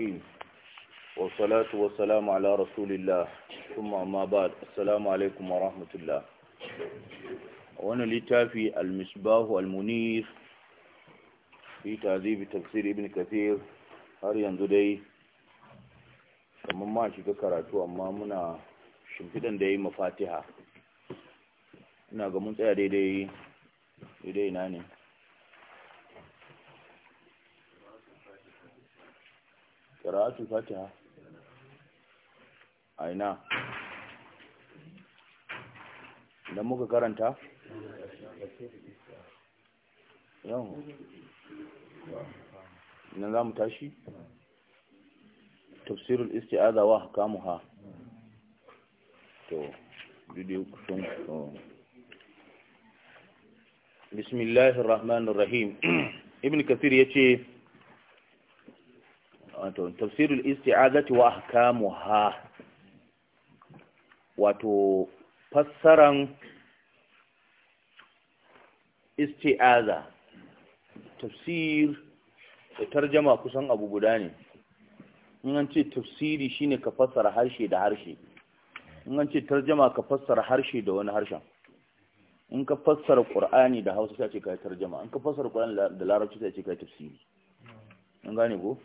الرحيم والصلاة والسلام على رسول الله ثم أما بعد السلام عليكم ورحمة الله وانا لتافي المصباح المنير في تعذيب تفسير ابن كثير har yanzu dai kamar عشي shiga karatu منا muna دي مفاتحة ya yi mafatiha دي دي mun tsaya daidai ƙira'atul fatiha a aina idan muka karanta yau nan za mu tashi tafsirul isti'aza wa hakamuha to bidiyo kusan bismillahir rahmanir rahim ibn kathir yace wato tafsirul isti'azati wa ahkamuha wato fassaran isti'aza tafsir da tarjama kusan abu guda ne in an ce tafsiri shine ka fassara harshe da harshe in an ce tarjama ka fassara harshe da wani harshen in ka fassara qur'ani da hausa sai ce kai tarjama in ka fassara qur'ani da larabci sai ce kai tafsiri an gane ko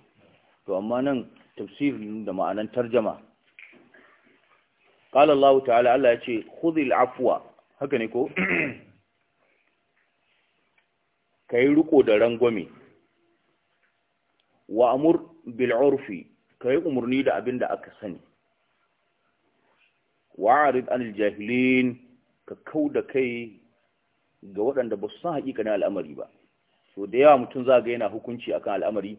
to amma nan tafsirin da ma'anan tarjama qala Allah ta'ala Allah ya ce khudhil afwa haka ne ko kai riƙo da rangwame wa amur bil urfi kai umurni da abin da aka sani wa arid anil jahilin ka kauda kai ga waɗanda ba su san na al'amari ba so da yawa mutum za ga yana hukunci akan al'amari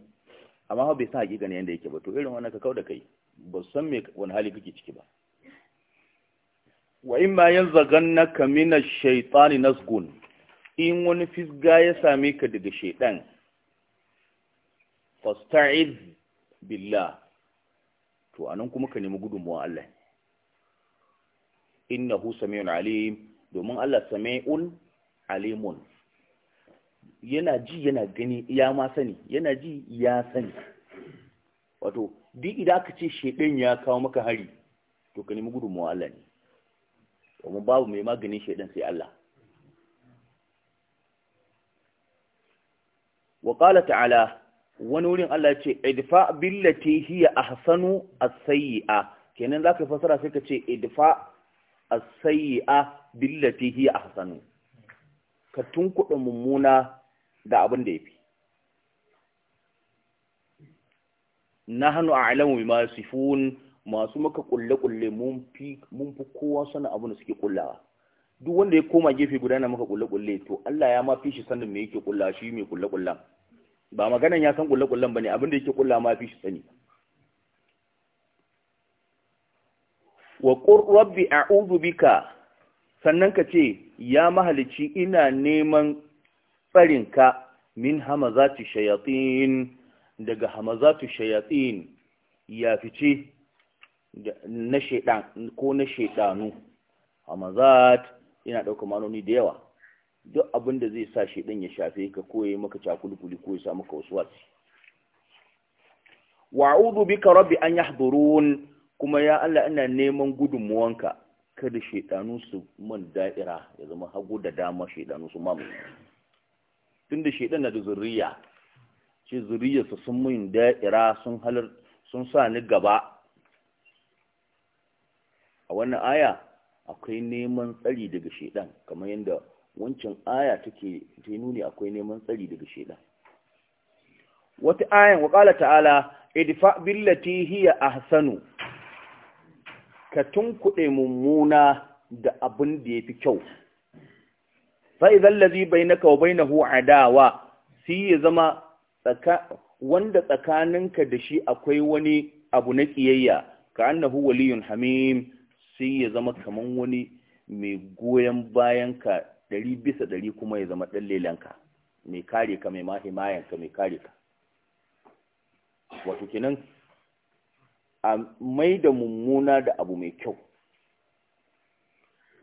amma bai san hakika ne yanda yake ba to irin wannan ka kauda kai ba san me wani hali kake ciki ba wa imma yanzaghannaka minash shaytani nasgun in wani fisga ya same ka daga shaidan fasta'iz billah to anan kuma ka nemi gudunmuwa Allah innahu samiun alim domin Allah samiun alimun yana ji yana gani ya ma sani yana ji ya sani wato duk idan aka ce shedan ya kawo maka hari to ka nemi gudun Allah ne domin babu mai maganin shedan sai Allah wa qala ta'ala wani wurin Allah ya ce idfa billati hiya ahsanu as-sayyi'a kenan zaka fasara sai ka ce idfa as-sayyi'a billati hiya ahsanu ka tunkuɗa mummuna da abin da ya fi na hannu a alamu masu fun masu maka kulle-kulle mun fi kowa sanin abin da suke kullawa duk wanda ya koma gefe guda na maka kulle-kulle to Allah ya ma fi shi sanin me yake kulla shi mai kulle-kullen ba maganan ya san kulle-kullen ba ne abin da yake kulla ma fi shi sani wa qur rabbi a'udhu bika sannan ka ce ya mahalici ina neman ka min hamazati shayatin daga hamazatu shayatin ya fice na shaidan ko na shaidanu hamazat yana ɗauka manoni da yawa duk abin da zai sa shaidan ya shafe ka ko ya maka cakulkuli ko ya sa maka wasu wasu wa'udu bika rabbi an yahdurun kuma ya Allah ina neman gudunmuwanka kada shaidanu su man da'ira ya zama hagu da dama shaidanu su mamu tunda shaidan na da zuriya zuriya zuriyarsa sun mun da'ira sun halar sun sa ni gaba a wannan aya akwai neman tsari daga shaidan kamar yadda wancan aya take ta nuni akwai neman tsari daga shaidan wata ayan wa qala ta'ala idfa billati hiya ahsanu ka tunkuɗe mummuna da abin da yafi kyau fa'iza lazi bai na kawai na adawa si ya zama wanda tsakaninka da shi akwai wani abu na ƙiyayya ka annahu waliyun hamim sai ya zama kaman wani mai goyon bayanka ɗari bisa ɗari kuma ya zama ɗan mai kare ka mai ka mai kare ka wato kenan a mai da mummuna da abu mai kyau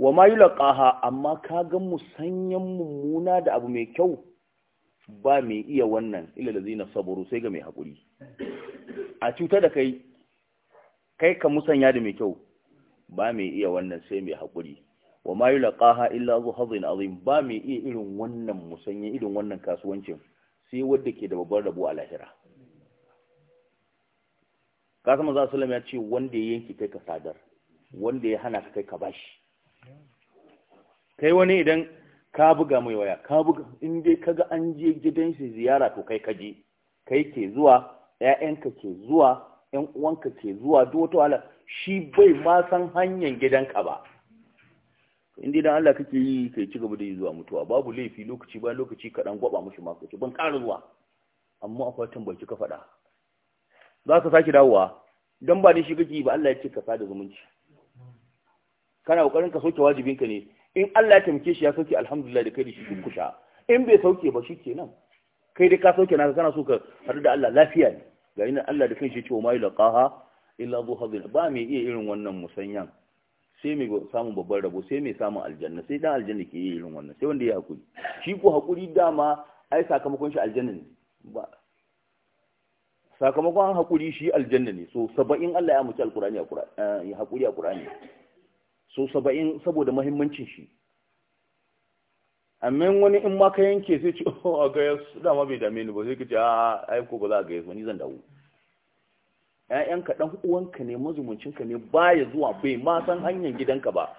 wa ma laƙaha amma ka mu musanyan mummuna da abu mai kyau ba mai iya wannan illa zina saboro sai ga mai hakuri a cuta da kai kai ka musanya da mai kyau ba mai iya wannan sai mai hakuri wa ma laƙaha illa zu hazin azim ba mai iya irin wannan musanya irin wannan kasuwancin sai wadda ke da babbar rabu a lahira kasa maza sallallahu ya ce wanda ya yanki kai ka sadar wanda ya hana ka kai ka bashi kai wani idan ka buga mai waya ka buga in dai kaga an je gidan shi ziyara to kai kaje kai ke zuwa ƴaƴanka ke zuwa ƴan uwanka ke zuwa duk wata wala shi bai ma san hanyar gidanka ba in dai Allah kake yi kai ci gaba da yi zuwa mutuwa babu laifi lokaci ba lokaci ka dan gwaba mushi ma ban ƙara zuwa amma akwai baki ka faɗa za ka sake dawowa dan ba ni shi kake ba Allah ya ce ka sada zumunci kana kokarin ka soke wajibinka ne in Allah ya tamke shi ya soke alhamdulillah da kai da shi kusha in bai sauke ba shi kenan kai da ka sauke naka kana so ka haɗu da Allah lafiya ne ga ina Allah da kanshi cewa mai laqaha illa zu hadin ba mai iya irin wannan musanyan sai mai samun babban rabo sai mai samun aljanna sai dan aljanna ke irin wannan sai wanda ya hakuri shi ko hakuri dama ai sakamakon shi aljanna ne ba sakamakon hakuri shi aljanna ne so saba'in Allah ya mutu alqur'ani ya hakuri a qur'ani eh, so saba'in saboda mahimmancin shi amma wani in ma ka yanke sai ce oh, a gaya su dama bai dame ni ba sai ka ce a ah, aiko ba za a gaya su ni zan dawo ‘ya'yanka ɗan uwanka ne mazumuncinka ne baya zuwa bai ma san hanyar gidanka ba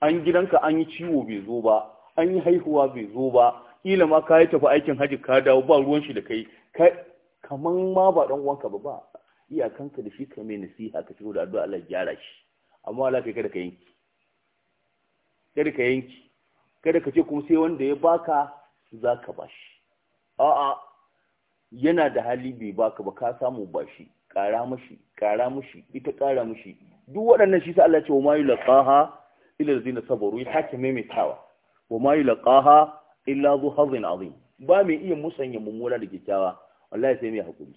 an gidanka an yi ciwo bai zo ba an yi haihuwa bai zo ba ƙila ma ka yi tafi aikin hajji ka dawo ba ruwan shi da kai kaman ma ba ɗan uwanka ba ba iyakanka da shi ka mai nasiha ka ciro da addu'a Allah gyara shi amma Allah kai kada ka yanke kada ka yanki kada ka ce kuma sai wanda ya baka za ka bashi a'a yana da hali bai baka ba ka samu bashi Kara mashi kara mashi ita kara mashi duk waɗannan shi sai Allah ce wa ma yulqaha illa allazina sabaru ya hake maimaitawa wa ma yulqaha illa zu hazin azim ba mai iya musanya mummuna da kyakkyawa wallahi sai mai hakuri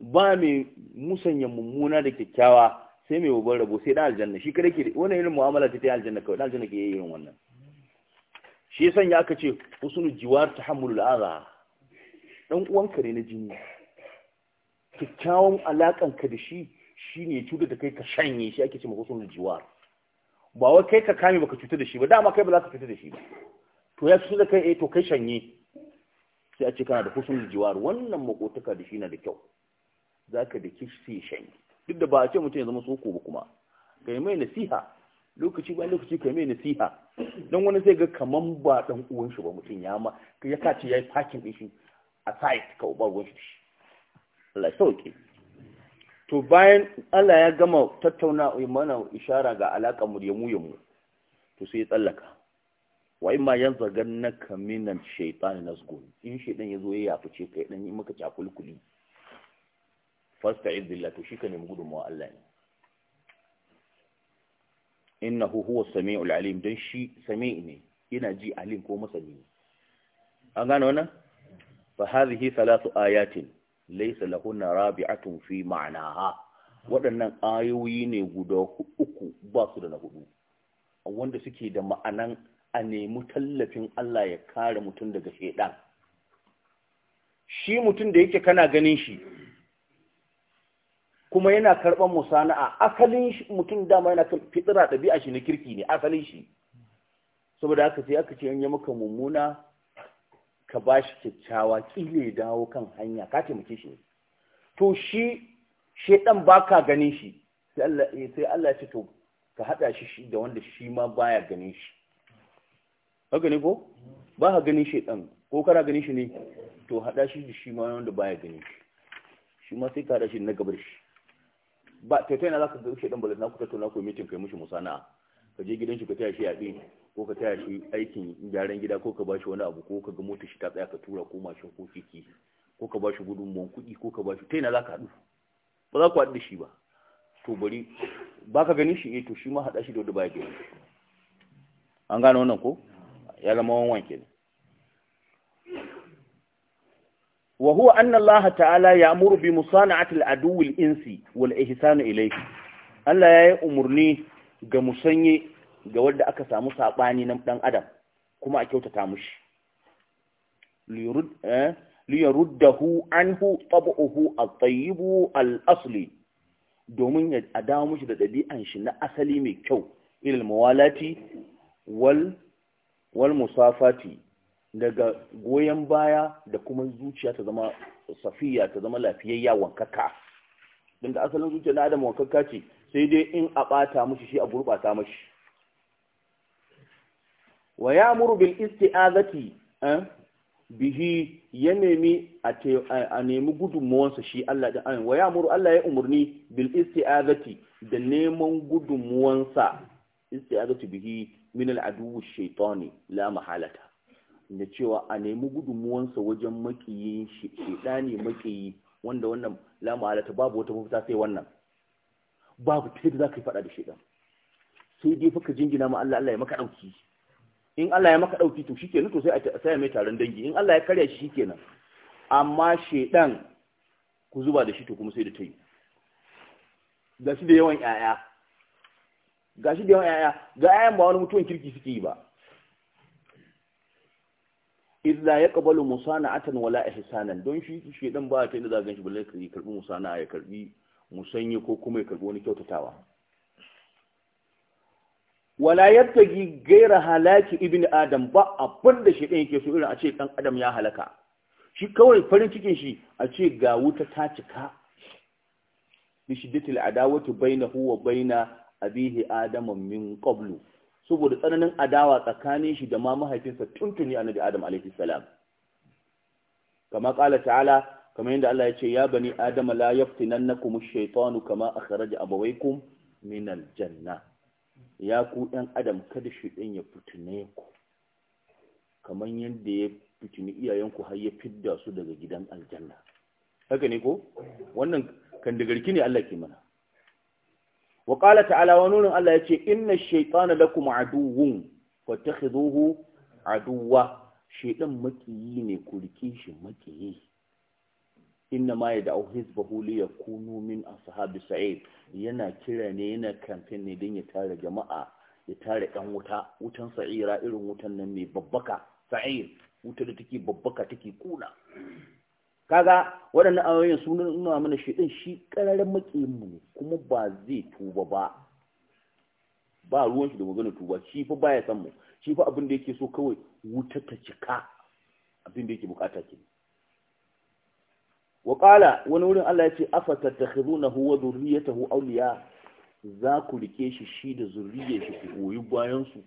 ba mai musanya mummuna da kyakkyawa sai mai babban rabo sai dan aljanna shi kare ke wani irin mu'amala ta ta aljanna kawai dan aljanna ke yi irin wannan shi ya ya aka ce husnul jiwar hamulu la'aza dan uwanka ne na jini Kyakkyawan alakan ka da shi shi ya cuta da kai ka shanye shi ake ce ma husnul jiwar ba wai kai ka kame baka cuta da shi ba dama kai ba za ka fita da shi ba to ya cuta da kai eh to kai shanye sai a ce kana da husnul jiwar wannan makotaka da shi na da kyau zaka da kishi sai shanye duk da ba a ce mutum ya zama soko ba kuma kai mai nasiha lokaci bayan lokaci kai mai nasiha don wani sai ga kaman ba dan uwan shi ba mutum ya ma ya kace yayi parking din shi a site ka ba ruwan shi Allah ya sauke to bayan Allah ya gama tattauna mana ishara ga alaƙa mu yamu yamu to sai ya tsallaka wa imma yanzagannaka minan shaytan nasgun in shaytan yazo ya yafice kai dan yi maka cakulkuli fasta'id billah to shi ka nemi gudunmawa Allah ne innahu huwa sami'ul alim dan shi sami'i ne yana ji alim ko masani an gane wannan fa hadhihi thalathu ayatin laysa lahunna rabi'atun fi ma'naha waɗannan ayoyi ne guda uku ba su da na hudu wanda suke da ma'anan a nemi tallafin Allah ya kare mutum daga shedan shi mutum da yake kana ganin shi kuma yana karɓar musana'a asalin mutum dama yana kan fitira ɗabi'a shi na kirki ne asalin shi saboda haka sai aka ce yanya yi maka mummuna ka ba shi kyakkyawa kile dawo kan hanya ka taimake shi to shi ba baka ganin shi eh, sai Allah ya ce to ka hada shi da wanda shi ma baya ganin shi haka ne ko ba ka ganin shedan ko kana ganin shi ne to hada shi da shi ma wanda baya ganin shi shi ma sai ka hada shi na gabar shi ba ta ta za ka zai shaidan ba na kuka tona ku mitin kai mushi musana ka je gidan shi ka taya shi yaɗi ko ka taya shi aikin gyaran gida ko ka ba shi wani abu ko ka ga motar shi ta tsaya ka tura ko mashin ko kiki ko ka ba shi gudunmuwan kuɗi ko ka ba shi ta za ka haɗu ba za ku haɗu da shi ba to bari ba ka ganin shi eh to shi ma haɗa shi da wanda ba ya gani an gane wannan ko ya zama wanwan kenan Wahuwa annallaha ta'ala ya murbi musana'ati al-adu wal-insi wal-ihsan Ilaihi. Allah yayi umarni ga musanye ga wanda aka samu saɓani na ɗan adam kuma a kyautata mushi liyurud eh liyaruddahu anhu tab'uhu a tayyib al-asli domin ya adawo mushi da dabi'an shi na asali mai kyau ilal mawalati wal musafati daga goyon baya da kuma zuciya ta zama safiya ta zama lafiyayya wankaka din da asalin zuciya na adam wankaka ce sai dai in a bata mushi shi a gurbata mashi wa ya bil isti'azati eh, bihi ya nemi a nemi gudunmuwansa shi Allah da ayin wa ya muru Allah ya umarni bil isti'azati da neman gudunmuwansa isti'azati bihi min al'adu shaitani la mahalata da cewa a nemi gudunmuwansa wajen makiyi shedani makiyi wanda wannan lamu alata babu wata mafita sai wannan babu ta yadda za ka yi faɗa da shedan sai dai faka jingina ma Allah Allah ya maka ɗauki in Allah ya maka ɗauki to shikenan to sai a saya mai taron dangi in Allah ya karya shi nan. amma shedan ku zuba da shi to kuma sai da ta yi ga shi da yawan 'ya'ya ga shi da yawan 'ya'ya ga 'ya'yan ba wani mutuwan kirki suke yi ba Illa ya kabalu musana musana'atan wala ihsanan don shi shi dan ba ta inda za ganshi balle ka karbi musana'a ya karbi musanye ko kuma ya karbi wani kyautatawa wala yattagi gaira halaki ibn adam ba abin da shi dan yake so irin a ce ɗan adam ya halaka shi kawai farin cikin shi a ce ga wuta ta cika bi shiddatil adawati bainahu wa baina abihi adam min qablu saboda tsananin adawa tsakanin shi da ma mahaifinsa tuntuni annabi adam alaihi salam kama kala ta'ala kama yadda Allah ya ce ya bani adam la yaftinannakum ash-shaytanu kama akhraja abawaykum min al-janna ya ku ɗan adam kada shi ɗin ya fitine ku kamar yadda ya fitini iyayenku har ya fidda su daga gidan aljanna haka ne ko wannan kan garki ne Allah ke mana wa qala ta'ala wa nunun Allah yace inna shaytana lakum aduwwun fattakhidhuhu aduwwa shaytan makiyi ne ku rike shi makiyi inna ma yad'u hizbahu li yakunu min ashabi sa'id yana kira ne yana kamfen ne don ya tare jama'a ya tare ɗan wuta wutan sa'ira irin wutan nan mai babbaka sa'ir wuta da take babbaka take kuna kaga waɗannan ayoyin sun nuna mana shi din shi ƙararren mu ne kuma ba zai tuba ba ba ruwan shi da magana tuba shi fa baya san mu shi fa abin da yake so kawai wuta ta cika abin da yake bukata ke wa qala wani wurin Allah ya ce afatattakhizunahu huwa dhurriyyatahu awliya za ku rike shi shi da zurriyar shi ku goyi bayan su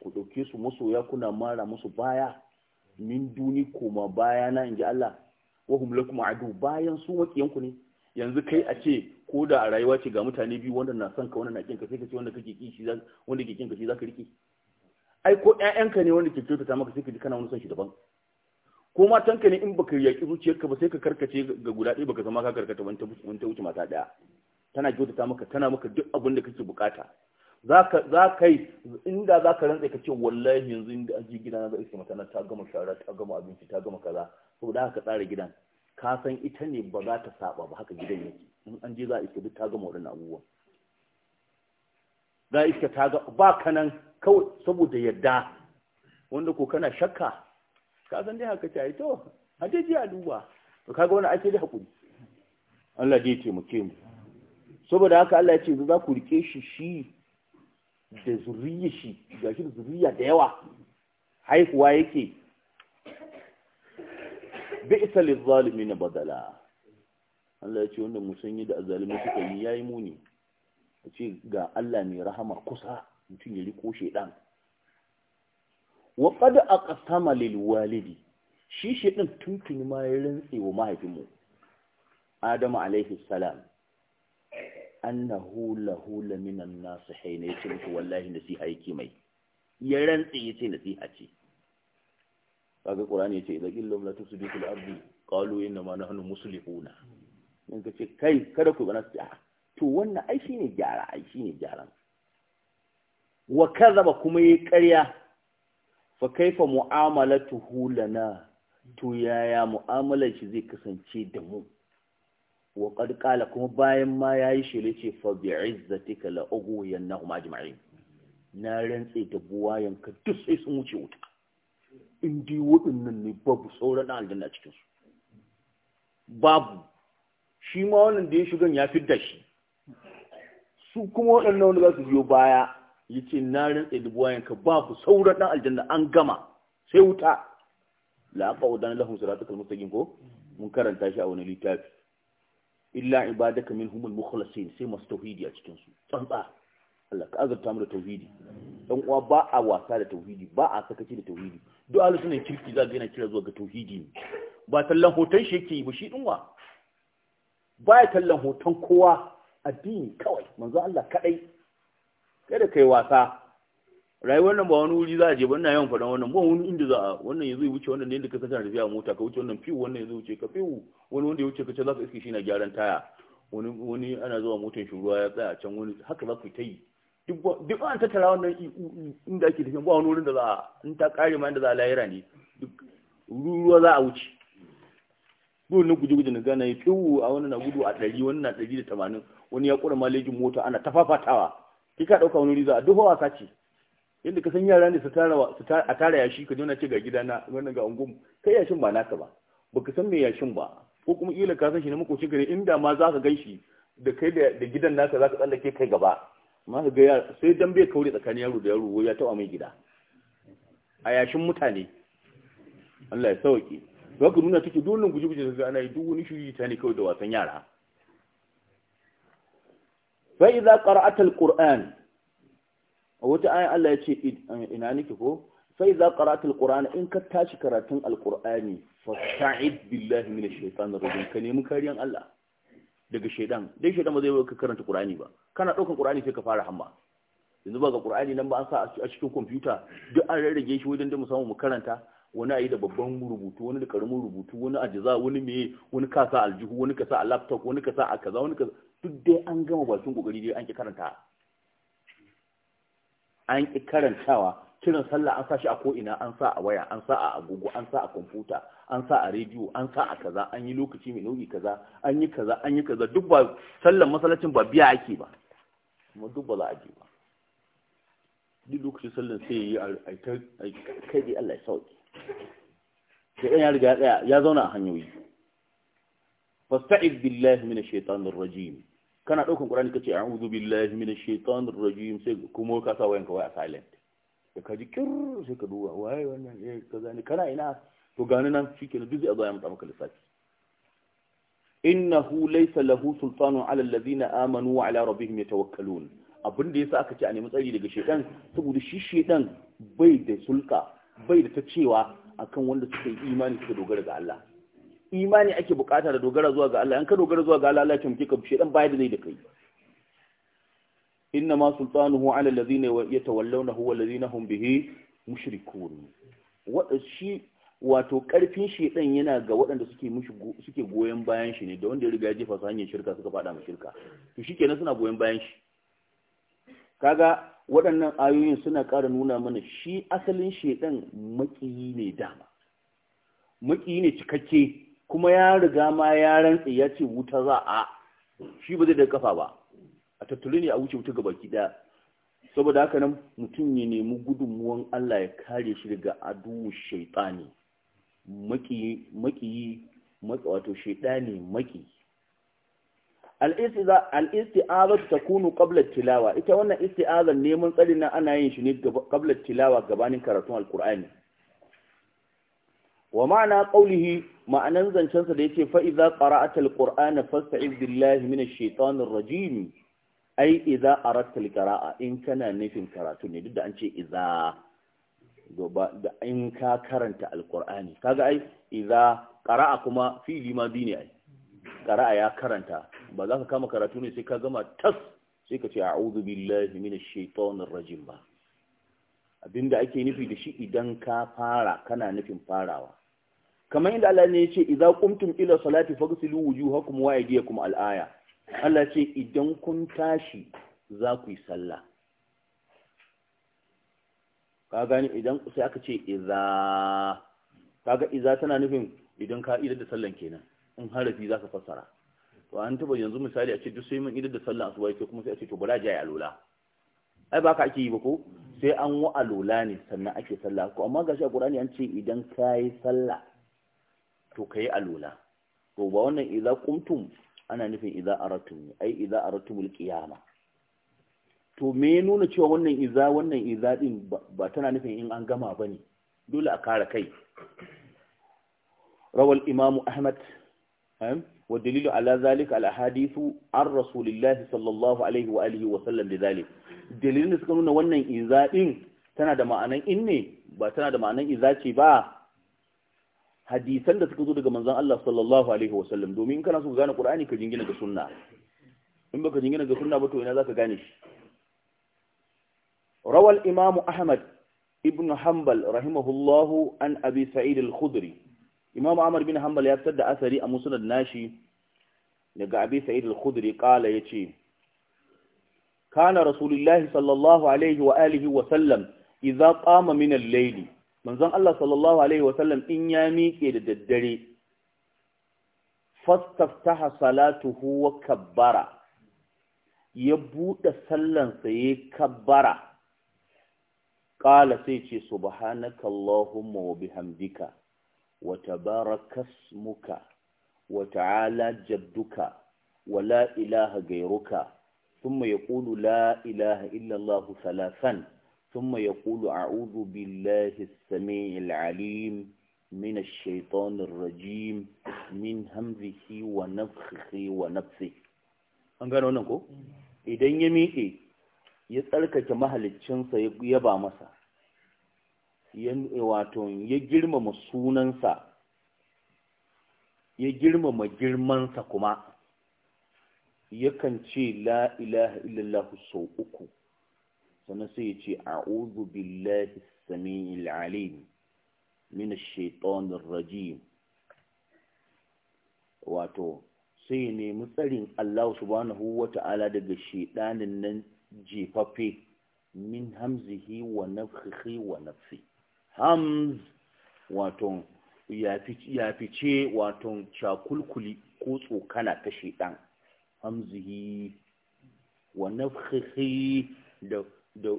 ku dauke su masoya kuna mara musu baya min duni koma baya na inji Allah wa hum lakum adu bayan su makiyanku ne yanzu kai a ce ko da a rayuwa ce ga mutane biyu wanda na son ka wanda na kinka sai ka ce wanda kake ki shi wanda kake kinka shi zaka rike ai ko ƴaƴanka ne wanda ke ta maka sai ka ji kana wani son shi daban ko matanka ne in baka yaki zuciyarka ba sai ka karkace ga guda ɗaya baka zama ka karkata wani ta wuce mata ɗaya tana ta maka tana maka duk abin da kake bukata za ka inda za ka rantsa ka ce wallahi yanzu inda aji gida na zai mata na ta gama shara ta gama abinci ta gama kaza saboda haka tsara gidan ka san ita ne ba za ta saba ba haka gidan yake in an je za a iska duk ta gama waɗannan abubuwa za a iska ta ga ba ka nan kawai saboda yadda wanda ko kana shakka ka san dai haka ta yi to a dai a duba to kaga wani ake da hakuri Allah dai taimake mu saboda haka Allah ya ce za ku rike shi shi da zuriya shi ga shi da zuriya da yawa haihuwa yake bi'sa na badala Allah ya ce wanda musanyi da azalimi suka yi yayi muni A ce ga Allah mai rahama kusa mutum ya riko shedan wa qad aqsama lil walidi shi shedan tuntuni ma ya rantse wa mahaifinmu Adamu alaihi salam annahu lahu laminan nasihin yace wallahi nasiha yake mai ya rantse yace nasiha ce kaga qur'ani yace idza qillum la tusidu fil ardi qalu inna ma nahnu muslihuna in kace kai kada ku gana a to wannan ai shine gyara ai shine gyaran wa kadhaba kuma yi ƙarya fa kaifa mu'amalatuhu lana to yaya mu'amalar shi zai kasance da mu wa qad qala kuma bayan ma yayi shele ce fa izzatika la ughwiyannahum ajma'in na rantse da buwayanka ka duk sai sun wuce wuta indi waɗannan ne babu sauran ɗan aljanna a cikinsu babu shi ma wannan da ya shigan ya fidda shi su kuma waɗannan wanda za su biyo baya ya ce na rantsa da ka babu sauran ɗan aljanna an gama sai wuta la'aƙa wadannan lahun sirata kalmustagin ko mun karanta shi a wani littafi illa ibadaka kamin humul mukhlasin sai masu tauhidi a cikinsu tsantsa Allah ka azurta mu da tauhidi dan uwa ba a wasa da tauhidi ba a sakaci da tauhidi duk ahlus sunna kirki za ga yana kira zuwa ga tauhidi ne ba tallan hoton shi yake yi ba shi dinwa baya tallan hoton kowa addini kawai manzo Allah kadai kada kai wasa rayuwar nan ba wani wuri za a je ba ina yawan faɗan wannan ba wani inda za a wannan yanzu ya wuce wannan ne da ka kasance a mota ka wuce wannan fiwu wannan yanzu wuce ka fiwu wani wanda ya wuce ka ce za ka iske shi na gyaran taya wani ana zuwa motar shi ruwa ya tsaya can wani haka za ku ta yi duk an tattara wannan inda ake tafiya ba wani wurin da za a in ta kare ma inda za a layira ne ruwa za a wuce duk na guje-guje na gana ya tsohu a wani na gudu a ɗari wani na ɗari da tamanin wani ya ƙura malejin mota ana ta fafatawa ki ka ɗauka wani riza a duk wasa ce yadda ka san yara ne su a tara yashi ka nuna ce ga gidana wannan ga ungum kai yashin ba naka ba baka san me yashin ba ko kuma ila ka san shi na makocin ka ne inda ma za ka gan shi da kai da gidan naka za ka tsallake kai gaba ma ga ya sai dan bai kaure tsakanin yaro da yaro ya taba mai gida a yashin mutane Allah ya sauke zaka nuna take dole guji guji da ana yi duk wani shiri ta ne kawai da wasan yara fa idza qara'ata alquran wata ayan Allah ya ce ina nake ko fa idza qara'ata alquran in ka tashi karatun alqurani fasta'id billahi minash shaitanir rajim ka nemi kariyan Allah daga shaidan dai shaidan ba zai ka karanta qur'ani ba kana daukan qur'ani sai ka fara hamma yanzu ba ga qur'ani nan ba an sa a cikin kwamfuta duk an rarrage shi wajen da mu samu mu karanta wani ayi da babban rubutu wani da karamin rubutu wani a jaza wani meye wani ka sa aljihu wani ka sa a laptop wani ka sa a kaza wani ka duk dai an gama bakin kokari dai an ki karanta an ki karantawa kiran sallah an sa shi a ko ina an sa a waya an sa a agogo an sa a kwamfuta an sa a rediyo an sa a kaza an yi lokaci mai nauyi kaza an yi kaza an yi kaza duk ba sallan masallacin ba biya ake ba kuma duk ba za a je ba duk lokaci sallan sai ya yi a kai da Allah ya sauke sai ya riga tsaya ya zauna a hanyoyi fasta'id billahi minash shaitanir rajim kana daukan qur'ani kace a'udhu billahi minash shaitanir rajim sai kuma ka sa wayanka wai a silent da ka ji kir sai ka duba waye wannan eh kaza ne kana ina to gani nan shikenan duk zai zo ya maka lissafi innahu laysa lahu sultanun ala alladhina amanu wa ala rabbihim yatawakkalun abin da yasa aka ce a nemi tsari daga shedan saboda shi shedan bai da sulka bai da ta cewa akan wanda suka yi imani suka dogara ga Allah imani ake bukata da dogara zuwa ga Allah an ka dogara zuwa ga Allah Allah ya tamke ka shedan bai da zai da kai inna ma sultanuhu ala alladhina yatawallawnahu wal ladina hum bihi mushrikun wa shi wato karfin dan yana ga waɗanda suke mushi suke goyen bayan shi ne da wanda ya riga ya jefa su hanyar shirka suka fada mu shirka to shikenan suna goyen bayan shi kaga waɗannan ayoyin suna ƙara nuna mana shi asalin shedan makiyi ne dama makiyi ne cikakke kuma ya riga ma ya rantsi ya ce wuta za a shi ba zai da kafa ba a tattuli ne a wuce wuta ga baki da saboda haka nan mutum ya nemi gudunmuwan Allah ya kare shi daga aduwu shaitani makiyi wato shaidani maki al-isti'azatu kunu qabla tilawa ita wannan isti'azar neman tsari na ana yin shi ne ƙablar tilawa gabanin karatun alqur'ani wa ma'ana qawlihi ma'anan zancensa da ya ce faiza qara'atal ƙurani fasta billahi minash shaitanir rajim ai iza a al-qira'a in kana nufin karatu ne duk da an ce iza. da in ka karanta alkur'ani kaga ai idza qara'a kuma fi'li ma ne ai qara'a ya karanta ba za ka kama karatu ne sai ka gama tas sai ka ce a'udhu billahi minash shaitanir rajim ba abinda ake nufi da shi idan ka fara kana nufin farawa kamar inda Allah ne ya ce idza qumtum ila salati faghsilu wujuhakum wa aydiyakum al-aya Allah ce idan kun tashi za ku yi sallah ka gani idan sai aka ce iza kaga iza tana nufin idan ka idar da sallan kenan in harafi zaka fassara to an tuba yanzu misali a ce duk sai mun idar da sallan asuba yake kuma sai a ce to bala jayi alula ai baka ake yi ba ko sai an wa alula ne sannan ake sallah ko amma gashi a Qur'ani an ce idan kai sallah to kai alula to ba wannan idza qumtum ana nufin idza aratum ai idza aratumul qiyama to me ya nuna cewa wannan iza wannan iza din ba tana nufin in an gama ba ne dole a kara kai rawal imamu ahmad eh, wa dalilu ala zalika al ahadithu an rasulillahi sallallahu alaihi wa alihi wa sallam da zalik dalilin da suka nuna wannan iza din tana da ma'anan in ne ba tana da ma'anan iza ce ba hadisan da suka zo daga manzon Allah sallallahu alaihi wa sallam domin kana so gane Qur'ani ka jingina ga sunna in baka jingina ga sunna ba to ina zaka gane shi روى الإمام أحمد ابن حنبل رحمه الله عن أبي سعيد الخدري إمام عمر بن حنبل يبتد أثري أمسند الناشي لقى أبي سعيد الخدري قال يتي كان رسول الله صلى الله عليه وآله وسلم إذا قام من الليل من ذن الله صلى الله عليه وسلم إن ياميك إلى الدري فاستفتح صلاته وكبر يبوت سلن سيكبره ƙala sai ce subhanaka Allahumma wa bihamdika wa muka wa ta'ala jadduka wa la ilaha gairuka ثم يقول لا إله إلا الله ثلاثا ثم يقول أعوذ بالله السميع العليم من الشيطان الرجيم من همزه ونفخه ونفسه an gano nan ko mm-hmm. idan ya miƙe ya tsarkake mahaliccinsa ya yaba masa eh, wato ya girmama sunansa ya girmama girmansa kuma yakan ce la ilaha illallah sau uku sannan sai ya ce a'udhu billahi samiil alim min ash-shaytanir rajim wato sai ya nemi tsarin Allah subhanahu wata'ala daga shedanin nan jefaffe min hamzihi wa nafsihi wa nafsi hamz wato ya fice wato cakulkuli ko tsokana ta shedan hamzihi wa nafsihi da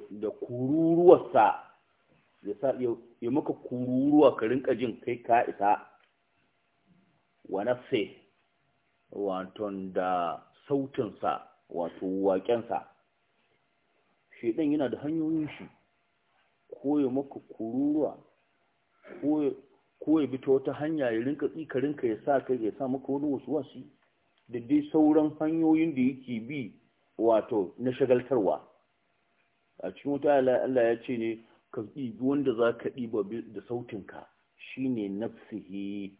da kururuwarsa ya sa ya maka kururuwa ka rinka jin kai ka isa wa nafsi wato da sautinsa wato waƙensa shaidan yana da hanyoyin shi ko ya maka kururuwa ko ya bi ta wata hanya ya rinka tsikarinka ya sa kai ya sa maka wani wasu wasi da dai sauran hanyoyin da yake bi wato na shagaltarwa a cikin wata Allah ya ce ne ka ɗibi wanda za ka ɗiba da sautinka shi ne nafsihi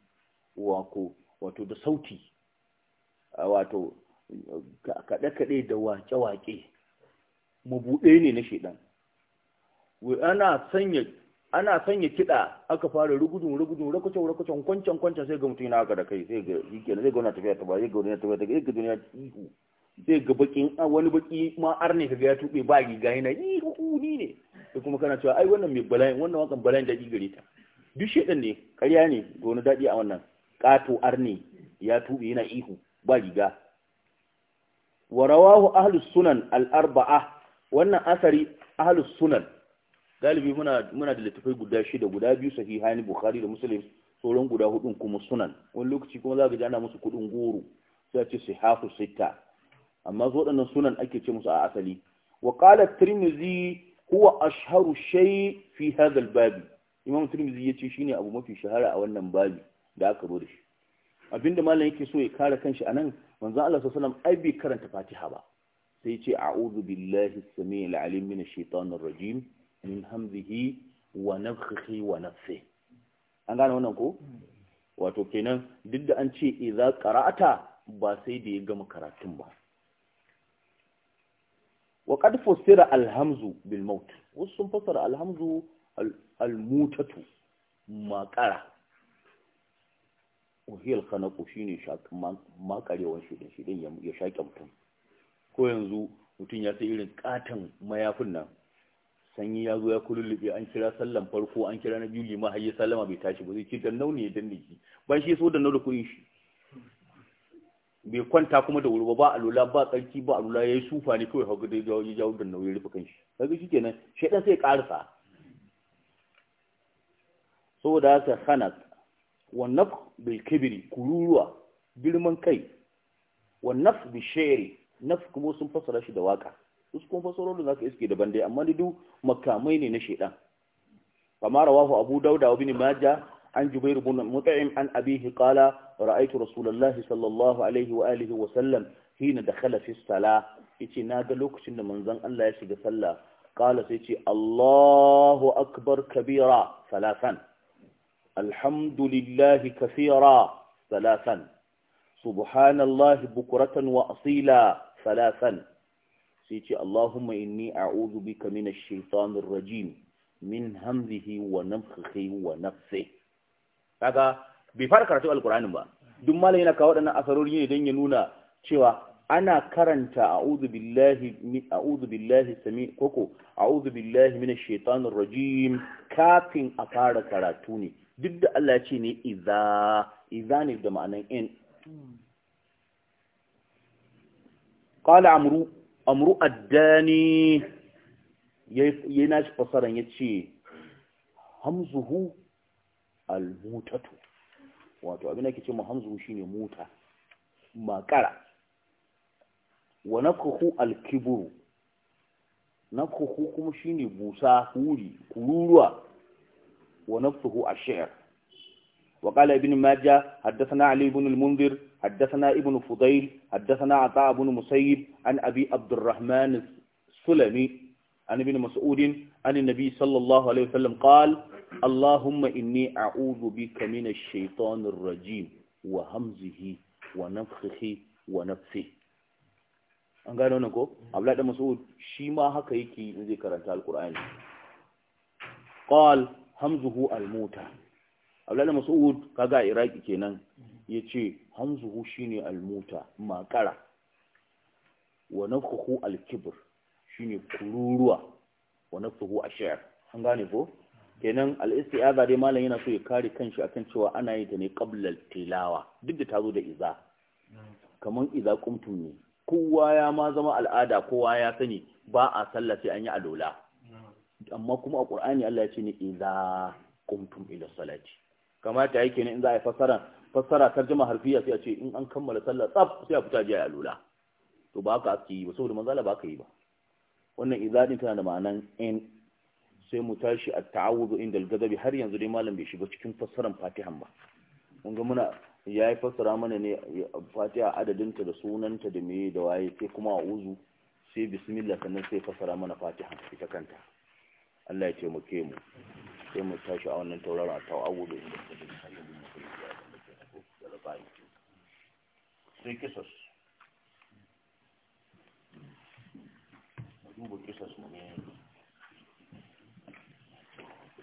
wako wato da sauti wato kaɗe-kaɗe da wake-wake mabuɗe ne na shaidan ana sanya ana sanya kiɗa aka fara rugudun rugudun rakucin rakucin kwancan kwancan sai ga mutum yana haka da kai sai ga yake zai ga wani tafiya ta ba zai ga wani tafiya ta ga yake duniya ihu zai ga bakin wani baki ma arne kaga ya tuɓe ba riga yana ihu ni ne da kuma kana cewa ai wannan mai bala'in wannan wakan bala'in daɗi gare ta duk shedan ne ƙarya ne ga wani daɗi a wannan ƙato arne ya tuɓe yana ihu ba riga ورواه أهل السنن الأربعة wannan asari ahlus sunan galibi muna muna da littafai guda shida guda biyu sahihani bukhari da muslim sauran guda hudun kuma sunan wani lokaci kuma za ka ji musu kudin goro sai a ce sihafu sita amma su waɗannan sunan ake ce musu a asali wa qala tirmidhi huwa ashharu shay fi hadha albab imam tirmidhi yace shine abu mafi shahara a wannan babi da aka zo da abinda malam yake so ya kare kanshi anan manzo Allah sallallahu alaihi wasallam ai bai karanta Fatiha ba sai ce a'udhu billahi samiil alim min shaitanir rajim min hamzihi wa nafthihi wa nafsihi an gane wannan ko wato kenan duk da an ce idza qara'ata ba sai da ya gama karatun ba wa qad fassara alhamzu bil maut wasu sun fassara alhamzu al mutatu maqara wahiyar kanako shine shakin makarewan shudin shudin ya shaƙe mutum ko yanzu mutum ya sai irin katon mayafin nan sanyi ya zo ya kululluɓe an kira sallan farko an kira na biyu lima har sallama bai tashi ba zai ce dan nauni ya danne shi ban shi so dan da kuɗin shi bai kwanta kuma da wuri ba alula ba tsarki ba alula yi sufa ne kawai hagu da ya jawo dan ya rufe kanshi shi kenan shaidan sai karsa saboda haka khanat hana wannan bil kururuwa girman kai wannan bishere nafs kuma sun fassara shi da waka su kuma fassarorin zaka iske daban dai amma duk makamai ne na shedan kama rawahu abu dauda wa ibn majah an jubair ibn mut'im an abihi qala ra'aytu rasulullahi sallallahu alaihi wa alihi wa sallam hina dakhala fi salah yace naga lokacin da manzon Allah ya shiga sallah qala sai yace Allahu akbar kabira salasan alhamdulillahi kaseera salasan subhanallahi bukratan wa asila salasan sai ce Allahumma inni a'udhu bika minash shaitanir rajim min hamzihi wa nafthihi wa nafsi kaga bai fara karatu alqur'ani ba duk malam yana kawo wadannan asarori ne dan ya nuna cewa ana karanta a'udhu billahi min a'udhu billahi sami koko a'udhu billahi minash shaitanir rajim kafin a fara karatu ne duk da Allah ya ce ne idza idza ne da ma'anan in qala amru amru addani yayi nashi fasaran yace hamzuhu almutatu wato abin da yake ce hamzuhu shine mota, makara wa nakhu alkibru nakhu kuma shine busa huri kururuwa wa nafsuhu ash-shi'r Ibn Majah ماجه ali علي بن المنذر حدثنا ابن فضيل حدثنا عطاء بن مسيب عن أبي عبد الرحمن السلمي عن ابن مسعود عن النبي صلى الله عليه وسلم قال اللهم إني أعوذ بك من الشيطان الرجيم وهمزه ونفخه ونفسه an gano nan ko abdullahi da mas'ud shi ma haka yake in zai karanta alqur'ani qal hamzuhu almuta abdullahi da mas'ud kaga iraki kenan ya ce hanzuhu ne almuta makara wa nafkuhu alkibir shi ne kururuwa wa nafsuhu ashir an gane ko kenan al ya dai malam yana so ya kare kanshi akan cewa ana yi ta ne qabla tilawa duk da ta zo da iza Kamar iza qumtum ne kowa ya ma zama al'ada kowa ya sani ba a sallah sai an yi alola amma kuma a ƙurani Allah ya ce ne iza qumtum ila salati kamata yake ne in za a yi fasara fassara tarjuma harfiya sai a ce in an kammala sallah tsaf sai a fita jiya ya lula to ba ka ake yi ba saboda manzala ba ka yi ba wannan izadin tana da ma'anan in sai mu tashi a ta'awudu inda al-gazabi har yanzu dai malam bai shiga cikin fassaran fatihan ba mun ga muna ya yi fassara mana ne fatiha adadinta da sunanta da me da waye sai kuma a uzu sai bismillah sannan sai fassara mana fatiha ita kanta Allah ya taimake mu sai mu tashi a wannan tauraron a ta'awudu inda al-gazabi Sai quesos